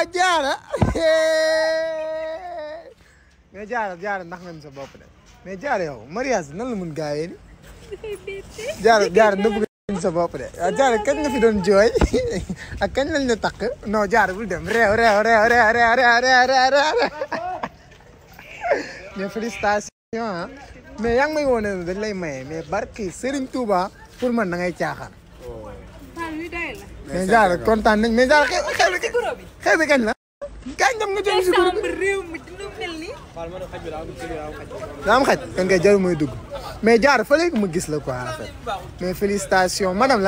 ah jaara mais jaara jaara ndax nga sa bopp de mais jaara yow mariage nan la mun gaawee ni jaara jaara nëbb sa bopp de waaw ah, jaara kañ nga fi doon jooy ak kañ lañ la takk non jaara bul dem réew réew réew réew réew réew réew réew mais félicitation ah mais yaa may woon ne dañ lay barki Serigne Touba pour man da ngay caaxaan mais jaara kontaan nañ mais bi. xew bi kañ la. kañ dem nga jël si groupe bi réew mi dina mel ni. daa am xaj. kan kay jarul muy dugg mais jaar fële mu gis la quoi en fait mais félicitations lan.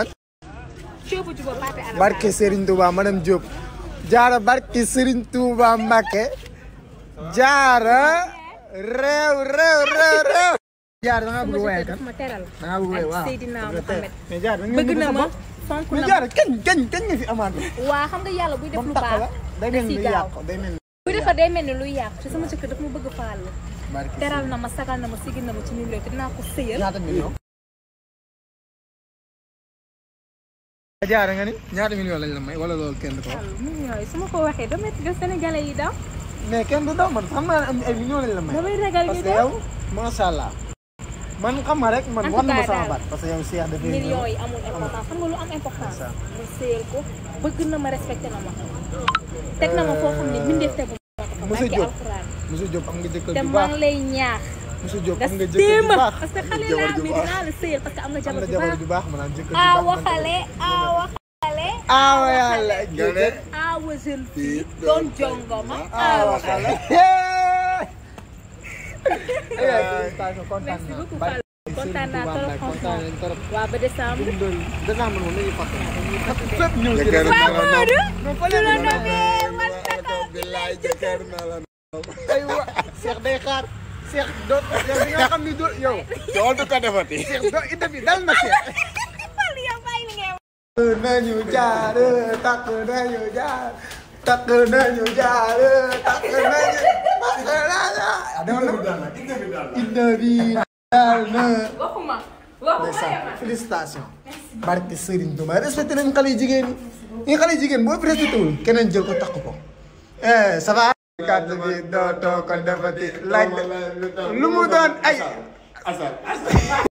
barke Serigne Touba madame Diop. jaara barke Serigne Touba Mbacke. jaara réew réew réew jaar da nga bëgg waaye kan da nga bëgg waaye waaw ma fonk ma jaar kañ kañ kañ nga fi amaat wa xam nga yalla buy def lu baax da mel ñu yaq yàq day mel buy defa day mel lu yaq ci sama ci ko daf ma bëgg faal teral na ma sagal na ma sigil na ma ci milieu te dinaa ko sëyal ñaata million jaar nga ni ñaata million lañ la may wala lool kenn ko wax million yi su ma ko waxee damay def sénégalais yi daw mais kenn du daw man xam naa am ay million lañ la may damay ragal gi ñu ma sha Allah man ka marek man wan masabat pasayawsiya de milyoy amul epok kan amun am epok na musil ko bëgg na ma begina na ma tek na ma fo xamni mindeef te bu ma ko musu job ang nga jëkkal bu baax dama musu job am nga jëkkal bu baax parce que la mi dina la seyel parce am nga jabar awa kale. ah ah don ah Syekh Dekat, Syekh Dot, yang tinggal kan duduk, yo. Jangan tuh kada mati. Syekh Dot itu bidal mas ya. Takna yujar, takna yujar, takna yujar, takna yujar. ah dama ne bi daal na. waxuma waxuma félicitation. barke Serigne Touba respecté nañu xale yu jigéen ñi. ñi xale yu jigéen boo fi respecté wul keneen jël ko takk ko. Eh, ça va. kàddu gi dootoo ko defati laaj lu mu doon ay.